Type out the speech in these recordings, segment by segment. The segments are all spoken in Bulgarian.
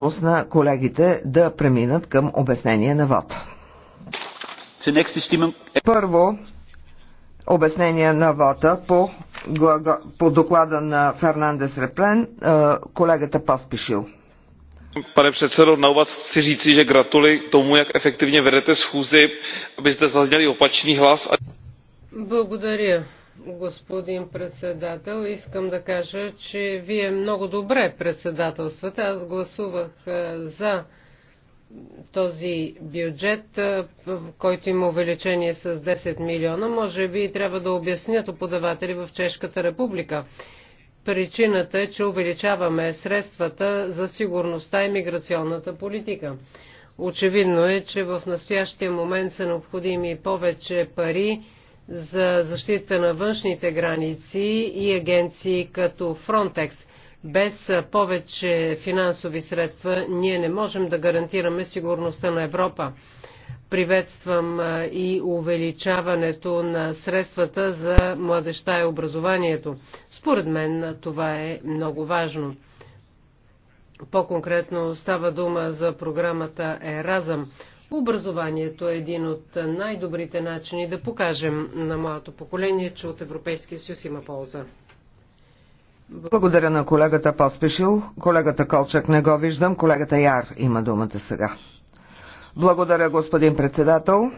пусна колегите да преминат към обяснение на вод. Първо, обяснение на вода по, по доклада на Фернандес Реплен, колегата Паспишил. Pane předsedo, na úvod chci říci, že gratuluji tomu, jak efektivně vedete schůzi, aby zde zazněl opačný hlas. Благодаря, господин председател. Искам да кажа, че вие много добре председателствате. Аз гласувах е, за този бюджет, е, който има увеличение с 10 милиона. Може би трябва да обяснят оподаватели в Чешката република. Причината е, че увеличаваме средствата за сигурността и миграционната политика. Очевидно е, че в настоящия момент са необходими повече пари за защита на външните граници и агенции като Фронтекс. Без повече финансови средства ние не можем да гарантираме сигурността на Европа. Приветствам и увеличаването на средствата за младеща и образованието. Според мен това е много важно. По-конкретно става дума за програмата Еразъм. Образованието е един от най-добрите начини да покажем на младото поколение, че от Европейския съюз има полза. Благодаря на колегата Поспешил. Колегата Колчак не го виждам. Колегата Яр има думата сега. Благодаря, господин председател.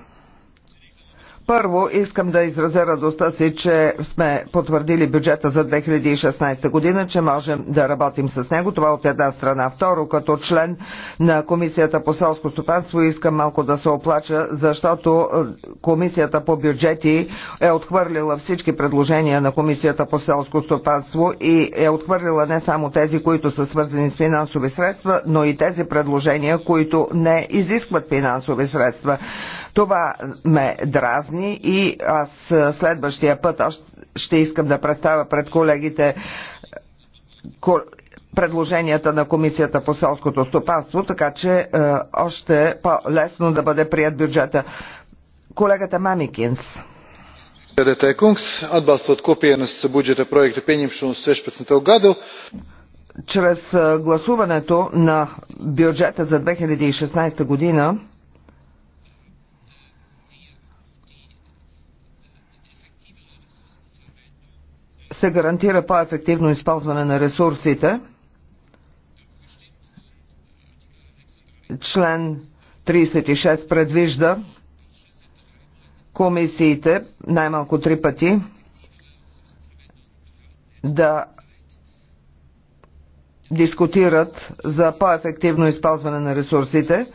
Първо искам да изразя радостта си, че сме потвърдили бюджета за 2016 година, че можем да работим с него. Това от една страна. Второ, като член на Комисията по селско стопанство искам малко да се оплача, защото е, Комисията по бюджети е отхвърлила всички предложения на Комисията по селско стопанство и е отхвърлила не само тези, които са свързани с финансови средства, но и тези предложения, които не изискват финансови средства. Това ме дразни и аз следващия път още ще искам да представя пред колегите предложенията на Комисията по селското стопанство, така че е, още е по-лесно да бъде прият бюджета. Колегата Мамикинс. Чрез гласуването на бюджета за 2016 година се гарантира по-ефективно използване на ресурсите. Член 36 предвижда комисиите най-малко три пъти да дискутират за по-ефективно използване на ресурсите.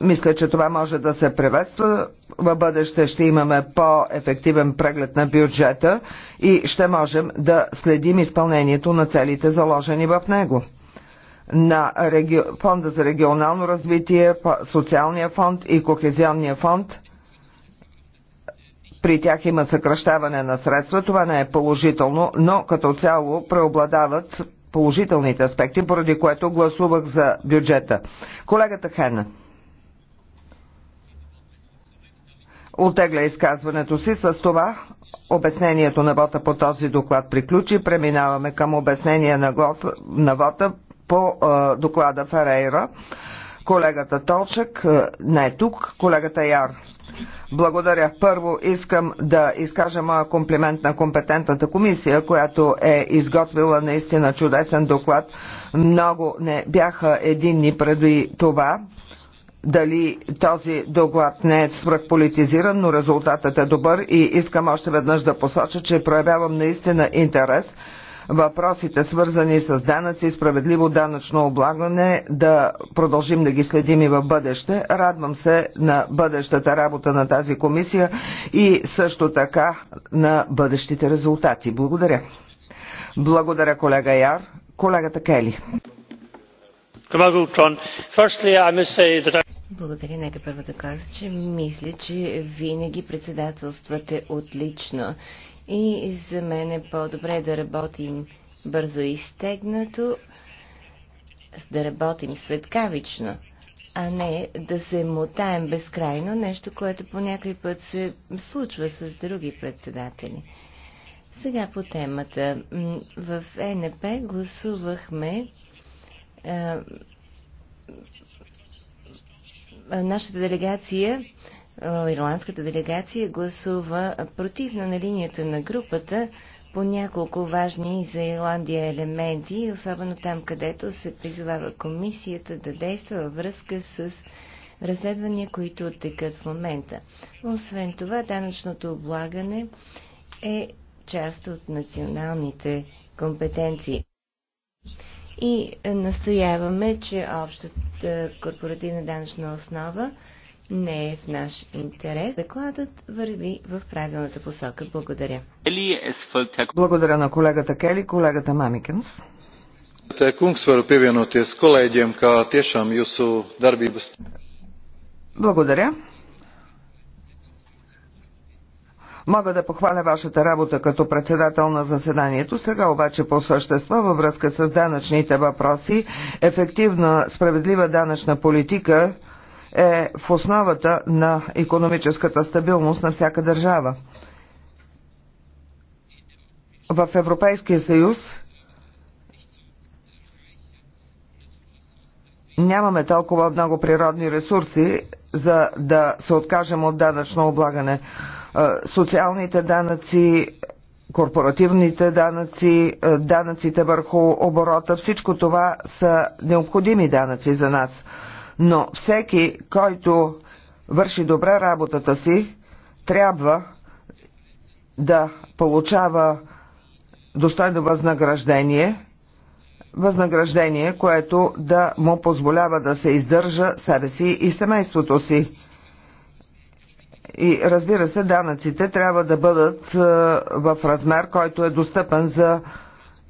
Мисля, че това може да се приветства. В бъдеще ще имаме по-ефективен преглед на бюджета и ще можем да следим изпълнението на целите заложени в него на реги... Фонда за регионално развитие, Социалния фонд и Кохезионния фонд. При тях има съкръщаване на средства. Това не е положително, но като цяло преобладават положителните аспекти, поради което гласувах за бюджета. Колегата Хена. отегля изказването си. С това обяснението на вота по този доклад приключи. Преминаваме към обяснение на, глот, на вота по е, доклада Ферейра. Колегата Толчек е, не е тук, колегата Яр. Благодаря. Първо искам да изкажа моя комплимент на компетентната комисия, която е изготвила наистина чудесен доклад. Много не бяха единни преди това дали този доклад не е свръхполитизиран, но резултатът е добър и искам още веднъж да посоча, че проявявам наистина интерес въпросите свързани с данъци и справедливо данъчно облагане да продължим да ги следим и в бъдеще. Радвам се на бъдещата работа на тази комисия и също така на бъдещите резултати. Благодаря. Благодаря колега Яр. Колегата Кели. Благодаря. Нека първо да кажа, че мисля, че винаги председателствате отлично. И за мен е по-добре да работим бързо и стегнато, да работим светкавично, а не да се мутаем безкрайно, нещо, което по някой път се случва с други председатели. Сега по темата. В ЕНП гласувахме е, нашата делегация, е, ирландската делегация, гласува против на линията на групата по няколко важни за Ирландия елементи, особено там, където се призовава комисията да действа във връзка с разследвания, които оттекат в момента. Освен това, данъчното облагане е част от националните компетенции и е, настояваме, че общата корпоративна данъчна основа не е в наш интерес. Докладът върви в правилната посока. Благодаря. Е Благодаря на колегата Кели, колегата Мамикенс. Благодаря. Мога да похваля вашата работа като председател на заседанието. Сега обаче по същество във връзка с данъчните въпроси, ефективна справедлива данъчна политика е в основата на економическата стабилност на всяка държава. В Европейския съюз нямаме толкова много природни ресурси, за да се откажем от данъчно облагане социалните данъци, корпоративните данъци, данъците върху оборота, всичко това са необходими данъци за нас. Но всеки, който върши добре работата си, трябва да получава достойно възнаграждение, възнаграждение, което да му позволява да се издържа себе си и семейството си. И разбира се, данъците трябва да бъдат е, в размер, който е достъпен за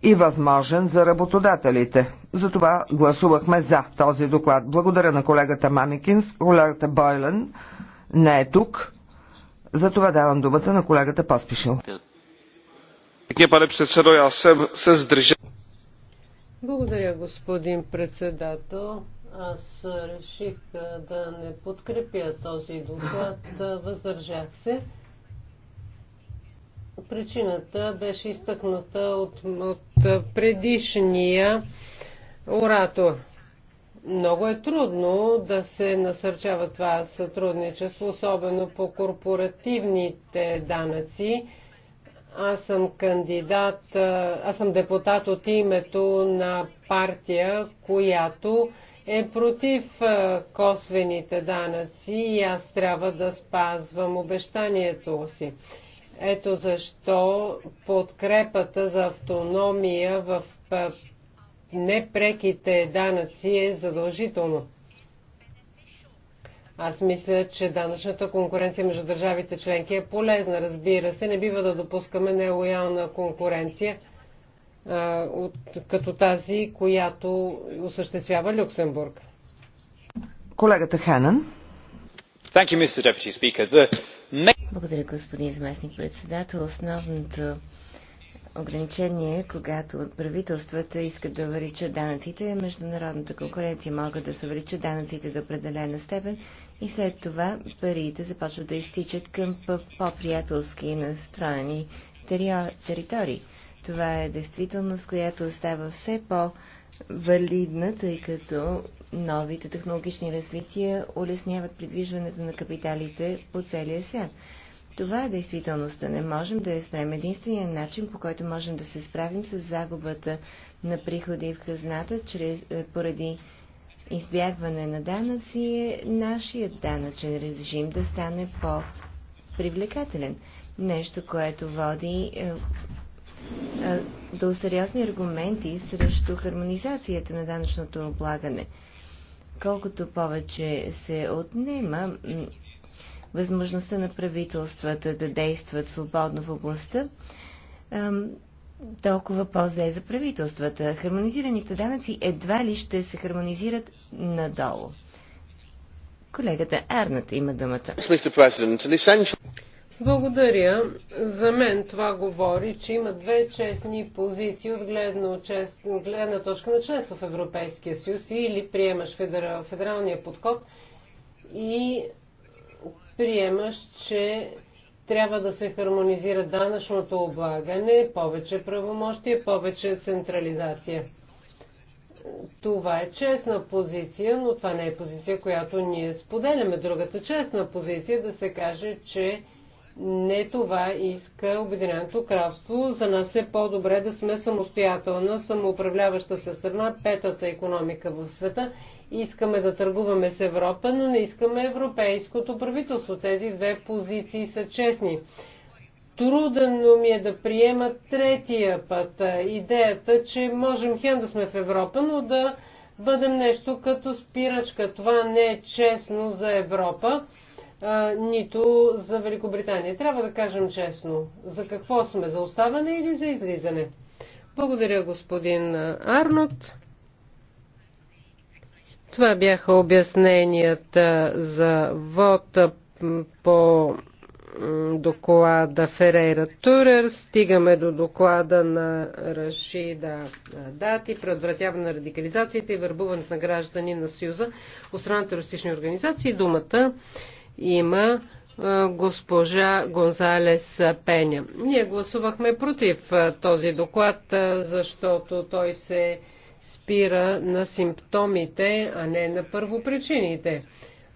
и възможен за работодателите. Затова гласувахме за този доклад. Благодаря на колегата Маникинс, колегата Бойлен не е тук. Затова давам думата на колегата Паспишил. Благодаря, господин председател. Аз реших да не подкрепя този доклад, въздържах се. Причината беше изтъкната от, от предишния оратор. Много е трудно да се насърчава това сътрудничество, особено по корпоративните данъци. Аз съм кандидат, аз съм депутат от името на партия, която е против косвените данъци и аз трябва да спазвам обещанието си. Ето защо подкрепата за автономия в непреките данъци е задължително. Аз мисля, че данъчната конкуренция между държавите членки е полезна. Разбира се, не бива да допускаме нелоялна конкуренция от, като тази, която осъществява Люксембург. Колегата Ханан. Благодаря, господин заместник председател. Основното ограничение, когато правителствата искат да увеличат данъците, е международната конкуренция могат да се увеличат данъците до определена степен и след това парите започват да изтичат към по-приятелски настроени територии. Това е действителност, която остава все по-валидна, тъй като новите технологични развития улесняват придвижването на капиталите по целия свят. Това е действителността. Не можем да я спрем. Единственият начин, по който можем да се справим с загубата на приходи в хазната, чрез, е, поради избягване на данъци, е нашият данъчен режим да стане по-привлекателен. Нещо, което води е, до сериозни аргументи срещу хармонизацията на данъчното облагане. Колкото повече се отнема възможността на правителствата да действат свободно в областта, толкова по-зле е за правителствата. Хармонизираните данъци едва ли ще се хармонизират надолу. Колегата Арната има думата. Благодаря. За мен това говори, че има две честни позиции от гледна, чест, гледна точка на членство в Европейския съюз или приемаш федералния подход и приемаш, че трябва да се хармонизира данъчното облагане, повече правомощие, повече централизация. Това е честна позиция, но това не е позиция, която ние споделяме. Другата честна позиция е да се каже, че не това иска Обединеното кралство. За нас е по-добре да сме самостоятелна, самоуправляваща се страна, петата економика в света. Искаме да търгуваме с Европа, но не искаме европейското правителство. Тези две позиции са честни. Трудно ми е да приема третия път идеята, че можем хем да сме в Европа, но да бъдем нещо като спирачка. Това не е честно за Европа нито за Великобритания. Трябва да кажем честно, за какво сме, за оставане или за излизане? Благодаря, господин Арнот. Това бяха обясненията за вод по доклада Ферейра Турер. Стигаме до доклада на Рашида Дати, предотвратяване на радикализацията и върбуването на граждани на Съюза от страна на терористични организации. Думата има е, госпожа Гонзалес Пеня. Ние гласувахме против е, този доклад, е, защото той се спира на симптомите, а не на първопричините.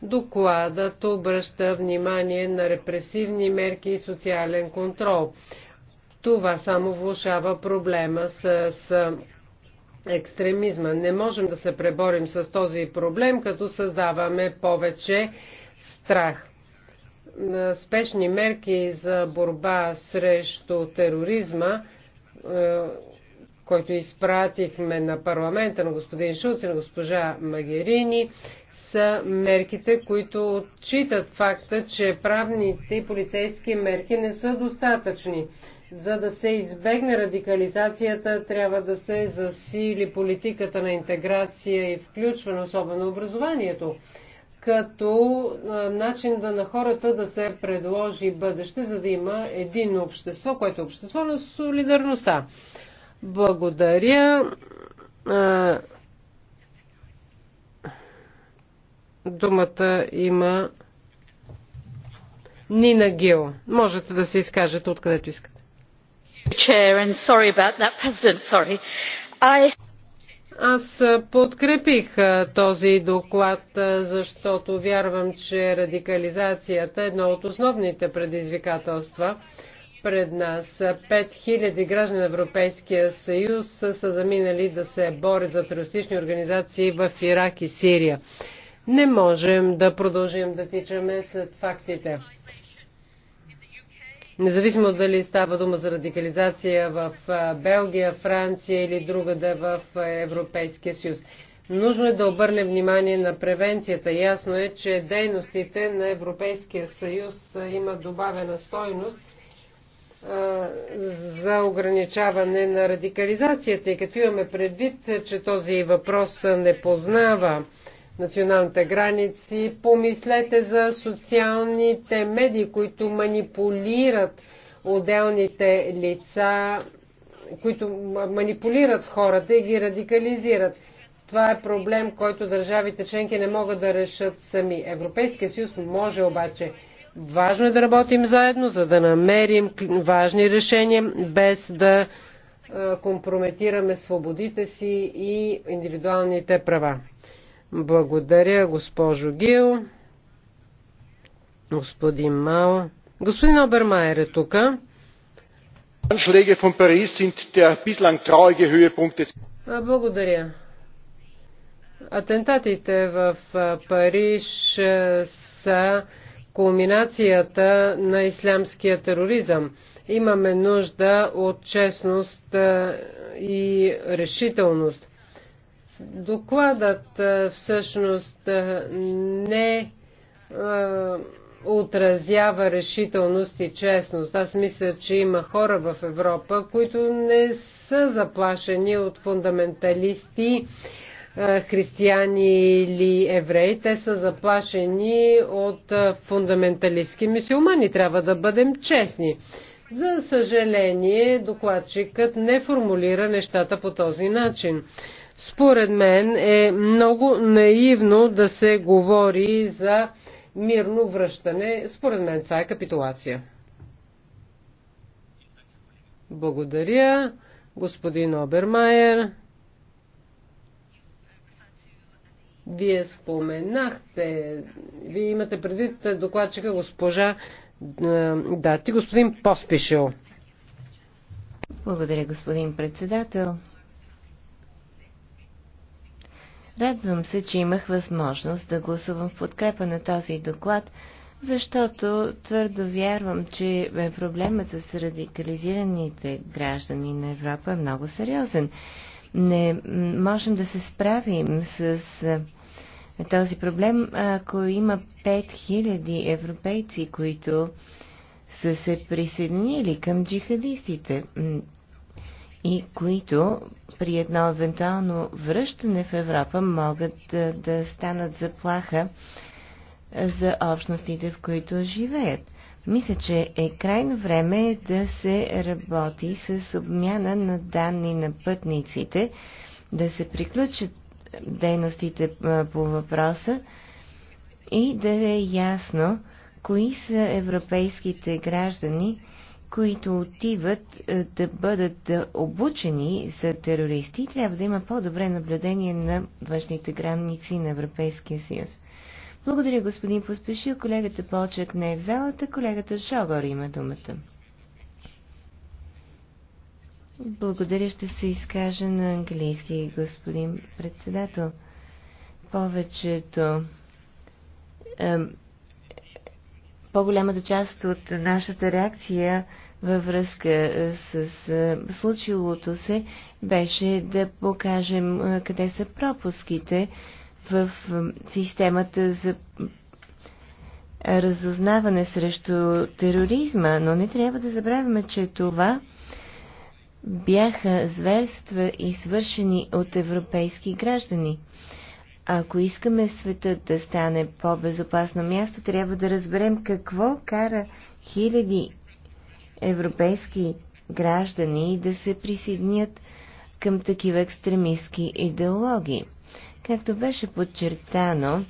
Докладът обръща внимание на репресивни мерки и социален контрол. Това само влушава проблема с, с екстремизма. Не можем да се преборим с този проблем, като създаваме повече страх. Спешни мерки за борба срещу тероризма, е, който изпратихме на парламента на господин Шуц и на госпожа Магерини, са мерките, които отчитат факта, че правните и полицейски мерки не са достатъчни. За да се избегне радикализацията, трябва да се засили политиката на интеграция и включване, особено образованието като начин да на хората да се предложи бъдеще, за да има един общество, което е общество на солидарността. Благодаря. Думата има Нина Гил. Можете да се изкажете откъдето искате. Аз подкрепих този доклад, защото вярвам, че радикализацията е едно от основните предизвикателства пред нас. 5000 граждани на Европейския съюз са заминали да се борят за терористични организации в Ирак и Сирия. Не можем да продължим да тичаме след фактите. Независимо дали става дума за радикализация в Белгия, Франция или другаде в Европейския съюз. Нужно е да обърнем внимание на превенцията. Ясно е, че дейностите на Европейския съюз имат добавена стойност за ограничаване на радикализацията. И като имаме предвид, че този въпрос не познава националните граници. Помислете за социалните медии, които манипулират отделните лица, които манипулират хората и ги радикализират. Това е проблем, който държавите членки не могат да решат сами. Европейския съюз може обаче. Важно е да работим заедно, за да намерим важни решения, без да компрометираме свободите си и индивидуалните права. Благодаря, госпожо Гил. Господин Мао. Господин Обермайер е тук. Благодаря. Атентатите в Париж са кулминацията на ислямския тероризъм. Имаме нужда от честност и решителност. Докладът всъщност не отразява решителност и честност. Аз мисля, че има хора в Европа, които не са заплашени от фундаменталисти, християни или евреи. Те са заплашени от фундаменталистки мисиомани. Трябва да бъдем честни. За съжаление, докладчикът не формулира нещата по този начин. Според мен е много наивно да се говори за мирно връщане. Според мен това е капитулация. Благодаря, господин Обермайер. Вие споменахте, вие имате предвид докладчика госпожа е, Дати, господин Поспишил. Благодаря, господин председател. Радвам се, че имах възможност да гласувам в подкрепа на този доклад, защото твърдо вярвам, че е проблемът с радикализираните граждани на Европа е много сериозен. Не можем да се справим с този проблем, ако има 5000 европейци, които са се присъединили към джихадистите и които при едно евентуално връщане в Европа могат да, да станат заплаха за общностите, в които живеят. Мисля, че е крайно време да се работи с обмяна на данни на пътниците, да се приключат дейностите по въпроса и да е ясно кои са европейските граждани, които отиват е, да бъдат обучени за терористи, трябва да има по-добре наблюдение на външните граници на Европейския съюз. Благодаря, господин Поспешил. Колегата Полчак не е в залата. Колегата Шогор има думата. Благодаря, ще се изкажа на английски, господин председател. Повечето по-голямата част от нашата реакция във връзка е, с е, случилото се беше да покажем е, къде са пропуските в системата за разузнаване срещу тероризма, но не трябва да забравяме, че това бяха зверства извършени от европейски граждани. Ако искаме света да стане по-безопасно място, трябва да разберем какво кара хиляди европейски граждани да се присъединят към такива екстремистски идеологии. Както беше подчертано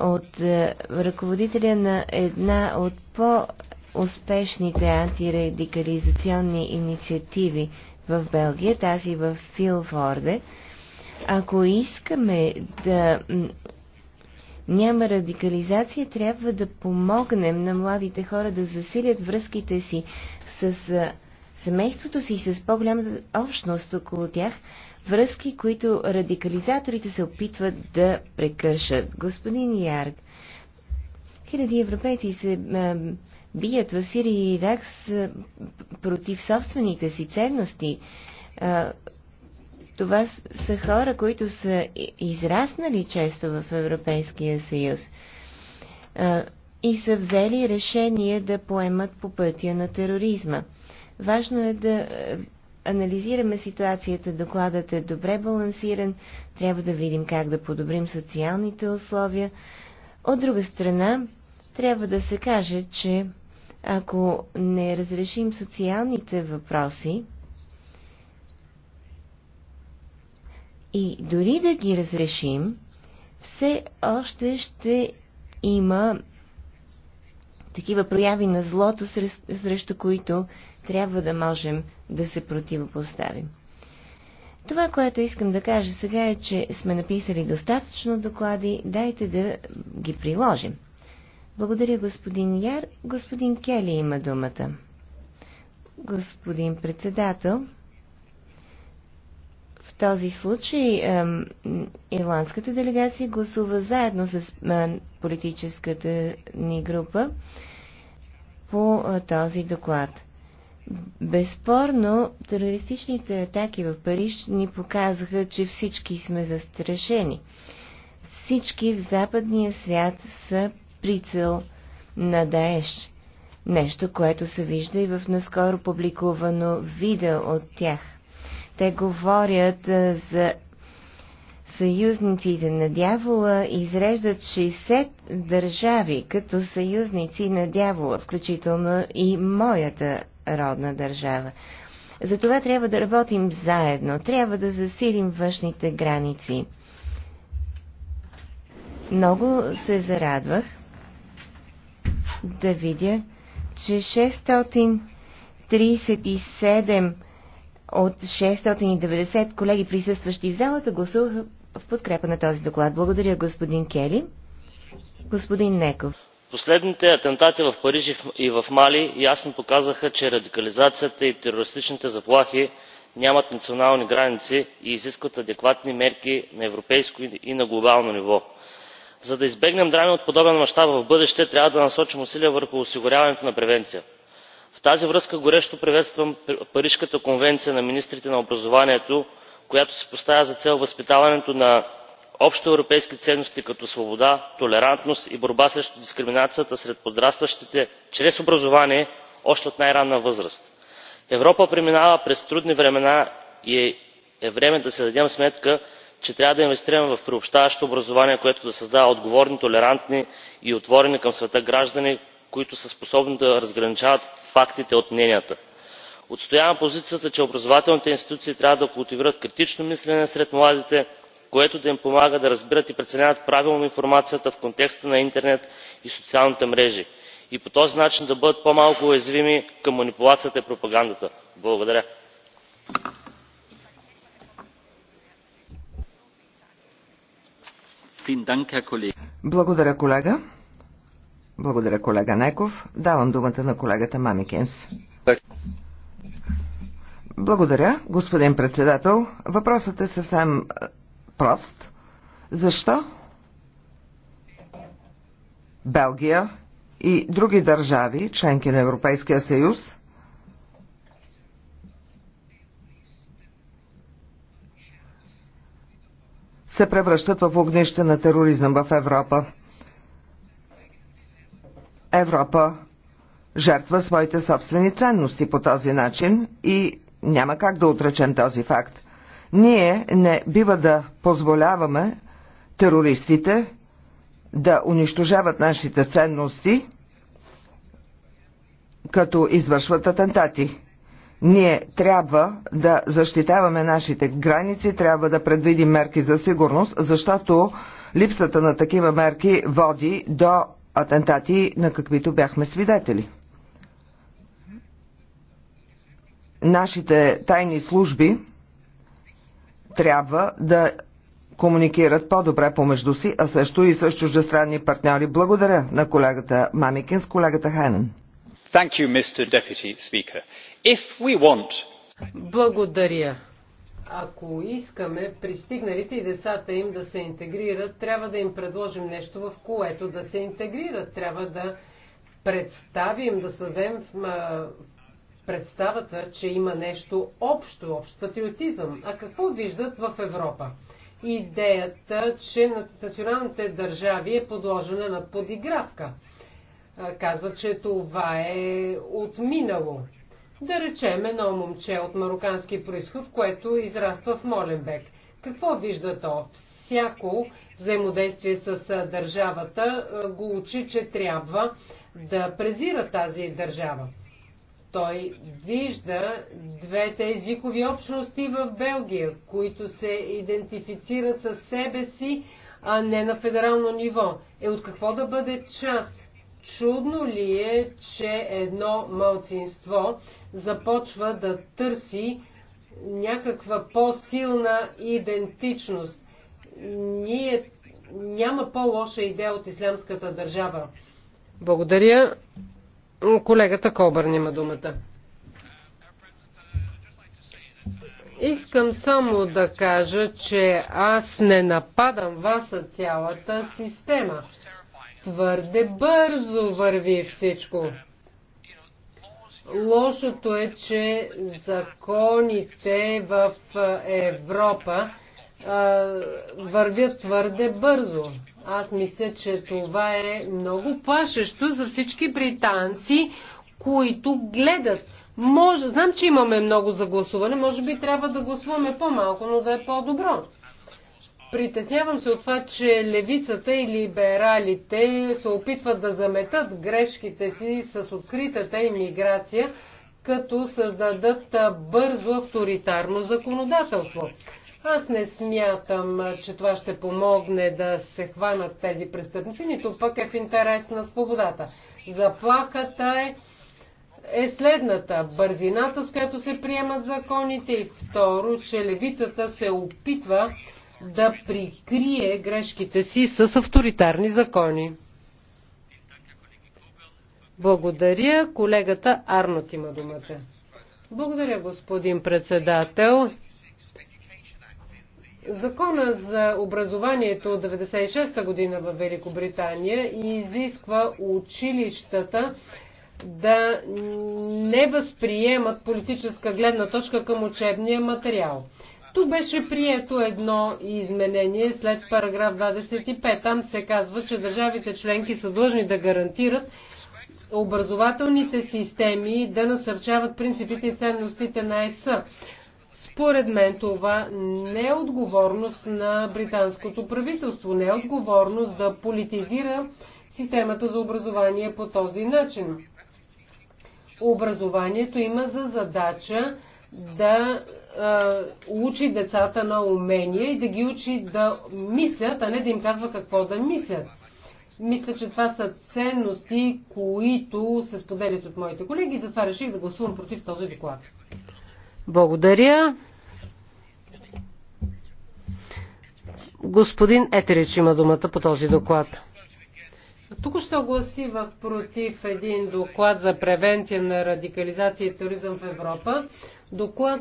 от е, ръководителя на една от по-успешните антирадикализационни инициативи в Белгия, тази в Филфорде, ако искаме да няма радикализация, трябва да помогнем на младите хора да засилят връзките си с семейството си и с по-голямата общност около тях, връзки, които радикализаторите се опитват да прекършат. Господин Ярг, хиляди европейци се а, бият в Сирия и Ирак а, против собствените си ценности. А, това са хора, които са израснали често в Европейския съюз и са взели решение да поемат по пътя на тероризма. Важно е да анализираме ситуацията, докладът е добре балансиран, трябва да видим как да подобрим социалните условия. От друга страна, трябва да се каже, че ако не разрешим социалните въпроси, И дори да ги разрешим, все още ще има такива прояви на злото, срещу които трябва да можем да се противопоставим. Това, което искам да кажа сега е, че сме написали достатъчно доклади, дайте да ги приложим. Благодаря, господин Яр. Господин Кели има думата. Господин председател, в този случай ирландската делегация гласува заедно с политическата ни група по е, този доклад. Безспорно, терористичните атаки в Париж ни показаха, че всички сме застрашени. Всички в западния свят са прицел на Даеш. Нещо, което се вижда и в наскоро публикувано видео от тях. Те говорят за съюзниците на дявола изреждат 60 държави като съюзници на дявола, включително и моята родна държава. Затова трябва да работим заедно, трябва да засилим външните граници. Много се зарадвах да видя, че 637 от 690 колеги присъстващи в залата гласуваха в подкрепа на този доклад. Благодаря господин Кели. Господин Неков. Последните атентати в Париж и в Мали ясно показаха, че радикализацията и терористичните заплахи нямат национални граници и изискват адекватни мерки на европейско и на глобално ниво. За да избегнем драми от подобен мащаб в бъдеще, трябва да насочим усилия върху осигуряването на превенция тази връзка горещо приветствам парижката конвенция на министрите на образованието която си поставя за цел възпитаването на общоевропейски ценности като свобода толерантност и борба срещу дискриминацията сред подрастващите чрез образование още от най ранна възраст. европа преминава през трудни времена и е, е време да си дадем сметка че трябва да инвестираме в приобщаващо образование което да създава отговорни толерантни и отворени към света граждани които са способни да разграничават фактите от мненията. отстоявам позицията че образователните институции трябва да култивират критично мислене сред младите което да им помага да разбират и преценяват правилно информацията в контекста на интернет и социалните мрежи и по този начин да бъдат по малко уязвими към манипулацията и пропагандата. благодаря. Благодаря колега. Благодаря, колега Неков. Давам думата на колегата Мамикенс. Благодаря, господин председател. Въпросът е съвсем е, прост. Защо Белгия и други държави, членки на Европейския съюз, се превръщат в огнище на тероризъм в Европа. Европа жертва своите собствени ценности по този начин и няма как да отречем този факт. Ние не бива да позволяваме терористите да унищожават нашите ценности, като извършват атентати. Ние трябва да защитаваме нашите граници, трябва да предвидим мерки за сигурност, защото липсата на такива мерки води до атентати, на каквито бяхме свидетели. Нашите тайни служби трябва да комуникират по-добре помежду си, а също и с чуждестранни партньори. Благодаря на колегата Мамикин с колегата Хайнен. You, want... Благодаря. Ако искаме пристигналите и децата им да се интегрират, трябва да им предложим нещо, в което да се интегрират. Трябва да представим, да създадем представата, че има нещо общо, общ патриотизъм. А какво виждат в Европа? Идеята, че националните държави е подложена на подигравка. Казват, че това е отминало. Да речем едно момче от марокански происход, което израства в Моленбек. Какво вижда то? Всяко взаимодействие с държавата го учи, че трябва да презира тази държава. Той вижда двете езикови общности в Белгия, които се идентифицират със себе си, а не на федерално ниво. Е от какво да бъде част? Чудно ли е, че едно мълцинство започва да търси някаква по-силна идентичност? Ние няма по-лоша идея от ислямската държава. Благодаря. Колегата Кобърн има думата. Искам само да кажа, че аз не нападам вас, цялата система. Твърде бързо върви всичко. Лошото е, че законите в Европа а, вървят твърде бързо. Аз мисля, че това е много плашещо за всички британци, които гледат. Може, знам, че имаме много за гласуване, може би трябва да гласуваме по-малко, но да е по-добро. Притеснявам се от това, че левицата и либералите се опитват да заметат грешките си с откритата иммиграция, като създадат бързо авторитарно законодателство. Аз не смятам, че това ще помогне да се хванат тези престъпници, нито пък е в интерес на свободата. Заплахата е, е следната. Бързината, с която се приемат законите и второ, че левицата се опитва да прикрие грешките си с авторитарни закони. Благодаря. Колегата Арнот има думата. Благодаря, господин председател. Закона за образованието от 96-та година в Великобритания изисква училищата да не възприемат политическа гледна точка към учебния материал. Както беше прието едно изменение след параграф 25. Там се казва, че държавите членки са длъжни да гарантират образователните системи да насърчават принципите и ценностите на ЕС. Според мен това не е отговорност на британското правителство, не е отговорност да политизира системата за образование по този начин. Образованието има за задача да е, учи децата на умения и да ги учи да мислят, а не да им казва какво да мислят. Мисля, че това са ценности, които се споделят от моите колеги, и затова реших да гласувам против този доклад. Благодаря. Господин Етерич има думата по този доклад. Тук ще гласивах против един доклад за превенция на радикализация и туризъм в Европа, доклад,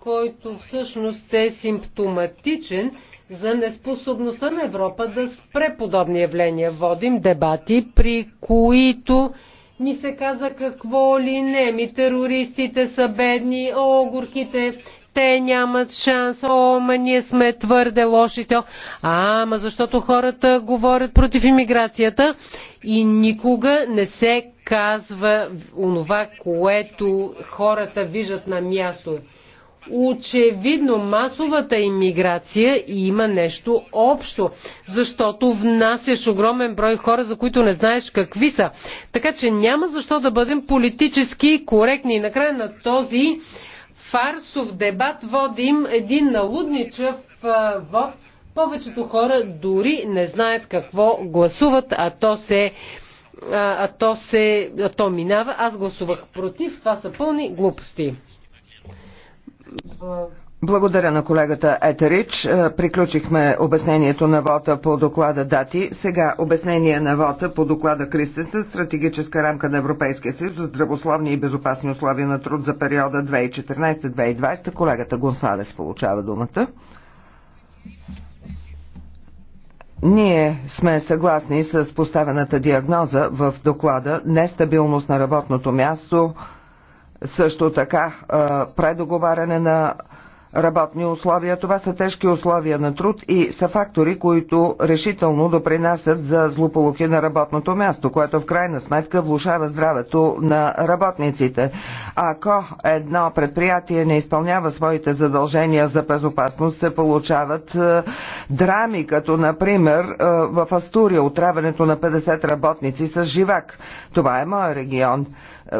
който всъщност е симптоматичен за неспособността на Европа да спре подобни явления. Водим дебати, при които ни се каза какво ли не. Ми терористите са бедни, о, горките, те нямат шанс, о, ма ние сме твърде лошите. А, ма защото хората говорят против иммиграцията и никога не се казва онова, което хората виждат на място. Очевидно, масовата иммиграция има нещо общо, защото внасяш огромен брой хора, за които не знаеш какви са. Така че няма защо да бъдем политически коректни. И накрая на този фарсов дебат водим един налудничав вод. Повечето хора дори не знаят какво гласуват, а то се а то, се, а то минава. Аз гласувах против. Това са пълни глупости. Благодаря на колегата Етерич. Приключихме обяснението на вота по доклада Дати. Сега обяснение на вота по доклада Кристенсен, стратегическа рамка на Европейския съюз за здравословни и безопасни условия на труд за периода 2014-2020. Колегата Гонсалес получава думата. Ние сме съгласни с поставената диагноза в доклада нестабилност на работното място, също така предоговаряне на работни условия. Това са тежки условия на труд и са фактори, които решително допринасят за злополуки на работното място, което в крайна сметка влушава здравето на работниците. Ако едно предприятие не изпълнява своите задължения за безопасност, се получават е, драми, като например е, в Астурия отравянето на 50 работници с живак. Това е моят регион е,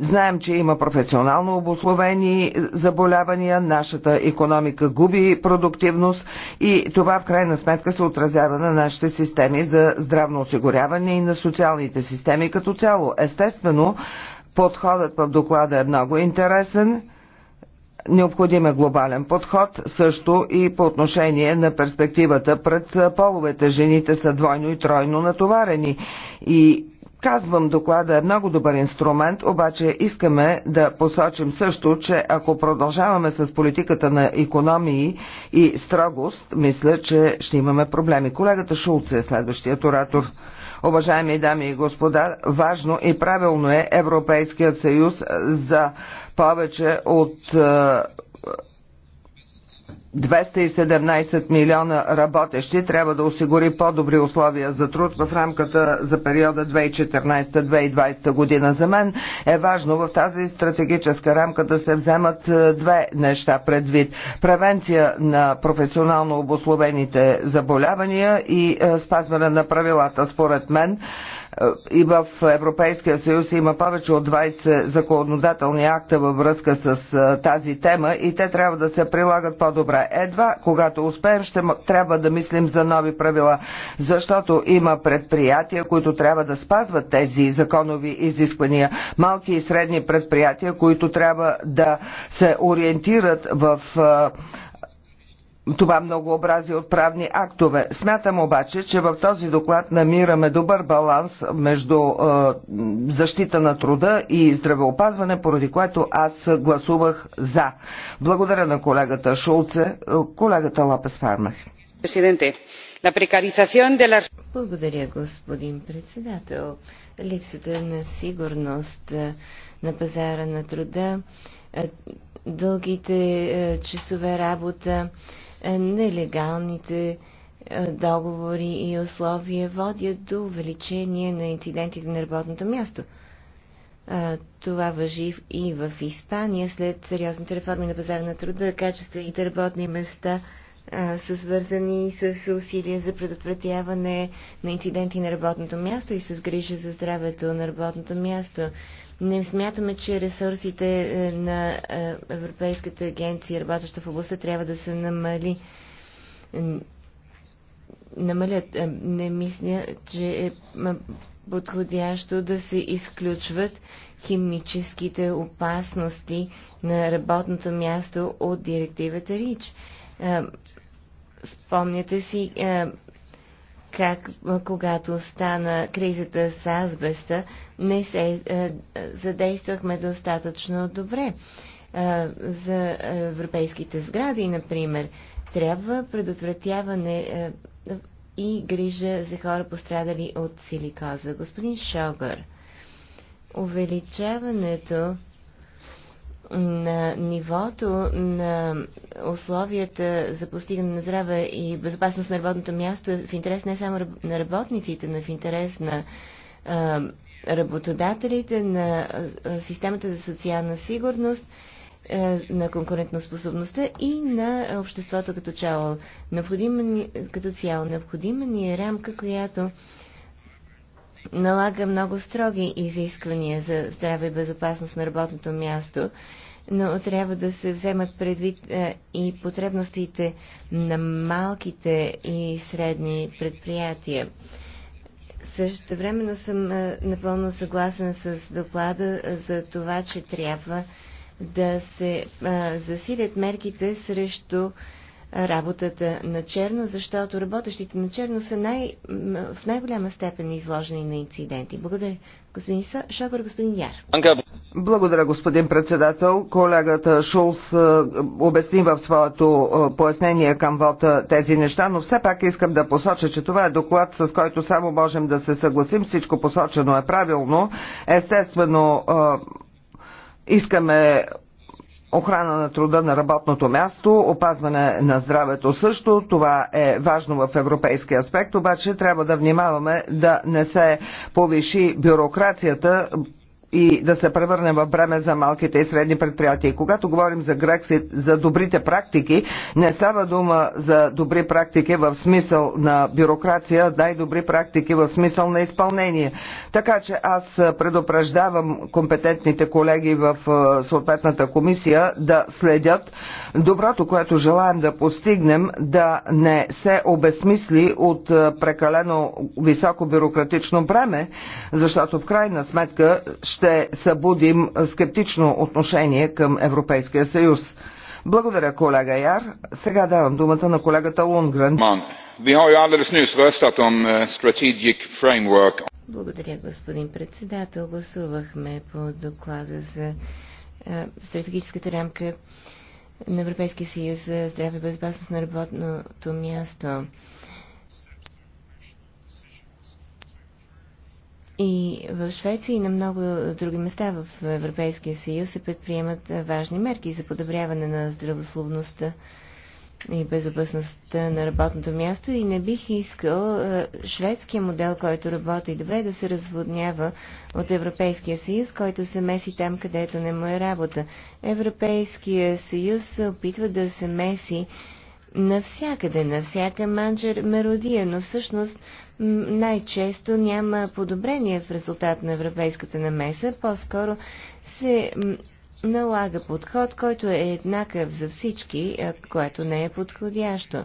Знаем, че има професионално обословени заболявания, нашата економика губи продуктивност и това в крайна сметка се отразява на нашите системи за здравно осигуряване и на социалните системи като цяло. Естествено, подходът в доклада е много интересен. Необходим е глобален подход, също и по отношение на перспективата пред половете. Жените са двойно и тройно натоварени и Казвам, доклада е много добър инструмент, обаче искаме да посочим също, че ако продължаваме с политиката на економии и строгост, мисля, че ще имаме проблеми. Колегата Шулц е следващият оратор. Уважаеми дами и господа, важно и правилно е Европейският съюз за повече от е, 217 милиона работещи трябва да осигури по-добри условия за труд в рамката за периода 2014-2020 година. За мен е важно в тази стратегическа рамка да се вземат е, две неща предвид. Превенция на професионално обословените заболявания и е, спазване на правилата. Според мен и в Европейския съюз има повече от 20 законодателни акта във връзка с тази тема и те трябва да се прилагат по-добре. Едва, когато успеем, ще трябва да мислим за нови правила, защото има предприятия, които трябва да спазват тези законови изисквания. Малки и средни предприятия, които трябва да се ориентират в това многообразие от правни актове. Смятам обаче, че в този доклад намираме добър баланс между е, защита на труда и здравеопазване, поради което аз гласувах за. Благодаря на колегата Шулце, е, колегата Лапес Фармах. Благодаря, господин председател. Липсата на сигурност е, на пазара на труда, е, дългите часове работа, е, нелегалните е, договори и условия водят до увеличение на инцидентите на работното място. Това въжи и в Испания след сериозните реформи на пазара на труда, качествените работни места са свързани с усилия за предотвратяване на инциденти на работното място и с грижа за здравето на работното място. Не смятаме, че ресурсите е, на е, Европейската агенция, работеща в областта, трябва да се намали. Намалят. Е, не мисля, че е подходящо да се изключват химическите опасности на работното място от директивата РИЧ. Спомняте си как когато стана кризата с азбеста, не се задействахме достатъчно добре. за европейските сгради, например, трябва предотвратяване и грижа за хора пострадали от силикоза. Господин Шогър, увеличаването на нивото на условията за постигане на здраве и безопасност на работното място е в интерес не само на работниците, но в интерес на а, работодателите, на системата за социална сигурност, а, е, на конкурентоспособността и на обществото като цяло. Необходима ни, като цяло необходима ни е рамка, която налага много строги изисквания за здраве и безопасност на работното място, но трябва да се вземат предвид е, и потребностите на малките и средни предприятия. Също времено съм е, напълно съгласен с доклада е, за това, че трябва да се засилят мерките срещу работата на черно, защото работещите на черно са най, в най-голяма степен изложени на инциденти. Благодаря. Господин Шокор, господин Яр. Благодаря, господин председател. Колегата Шулс е, обясни в своето е, пояснение към вота тези неща, но все пак искам да посоча, че това е доклад, с който само можем да се съгласим. Всичко посочено е правилно. Естествено, е, искаме охрана на труда на работното място, опазване на здравето също. Това е важно в европейски аспект, обаче трябва да внимаваме да не се повиши бюрокрацията и да се превърне в време за малките и средни предприятия. когато говорим за Грексит, за добрите практики, не става дума за добри практики в смисъл на бюрокрация, да и добри практики в смисъл на изпълнение. Така че аз предупреждавам компетентните колеги в съответната комисия да следят доброто, което желаем да постигнем, да не се обесмисли от прекалено високо бюрократично бреме, защото в крайна сметка ще ще събудим скептично отношение към Европейския съюз. Благодаря, колега Яр. Сега давам думата на колегата Лунгрен. Е, Благодаря, господин председател. Гласувахме по доклада за е, стратегическата рамка на Европейския съюз за здраве и безопасност на работното място. И в Швеция и на много други места в Европейския съюз се предприемат важни мерки за подобряване на здравословността и безопасността на работното място и не бих искал е, шведския модел, който работи добре, да се разводнява от Европейския съюз, който се меси там, където не му е работа. Европейския съюз се опитва да се меси навсякъде, на всяка манджер меродия, но всъщност най-често няма подобрение в резултат на европейската намеса, по-скоро се налага подход, който е еднакъв за всички, което не е подходящо.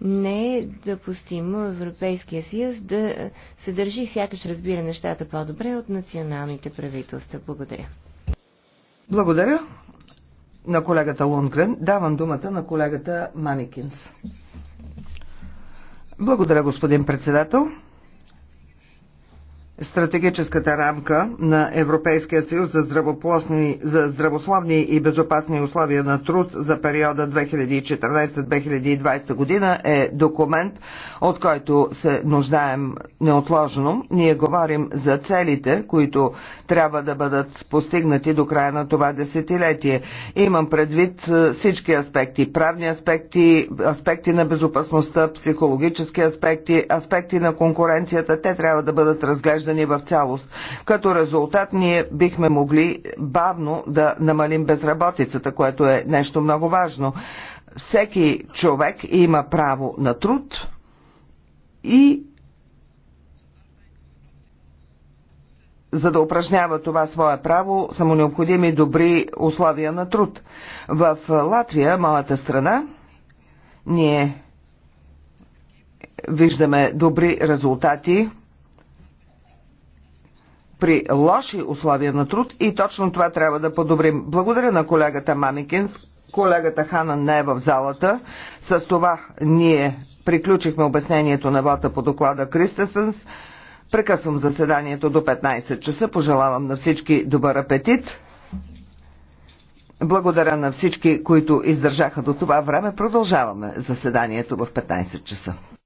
Не е допустимо Европейския съюз да се държи сякаш разбира нещата по-добре от националните правителства. Благодаря. Благодаря на колегата Лунгрен. Давам думата на колегата Маникинс. Благодаря, господин председател стратегическата рамка на Европейския съюз за, за здравословни и безопасни условия на труд за периода 2014-2020 година е документ, от който се нуждаем неотложно. Ние говорим за целите, които трябва да бъдат постигнати до края на това десетилетие. Имам предвид е, всички аспекти, правни аспекти, аспекти на безопасността, психологически аспекти, аспекти на конкуренцията. Те трябва да бъдат разглеждани разглеждани в цялост. Като резултат ние бихме могли бавно да намалим безработицата, което е нещо много важно. Всеки човек има право на труд и За да упражнява това свое право, са му необходими добри условия на труд. В Латвия, моята страна, ние виждаме добри резултати при лоши условия на труд и точно това трябва да подобрим. Благодаря на колегата Мамикин. Колегата Хана не е в залата. С това ние приключихме обяснението на вота по доклада Кристесенс. Прекъсвам заседанието до 15 часа. Пожелавам на всички добър апетит. Благодаря на всички, които издържаха до това време. Продължаваме заседанието в 15 часа.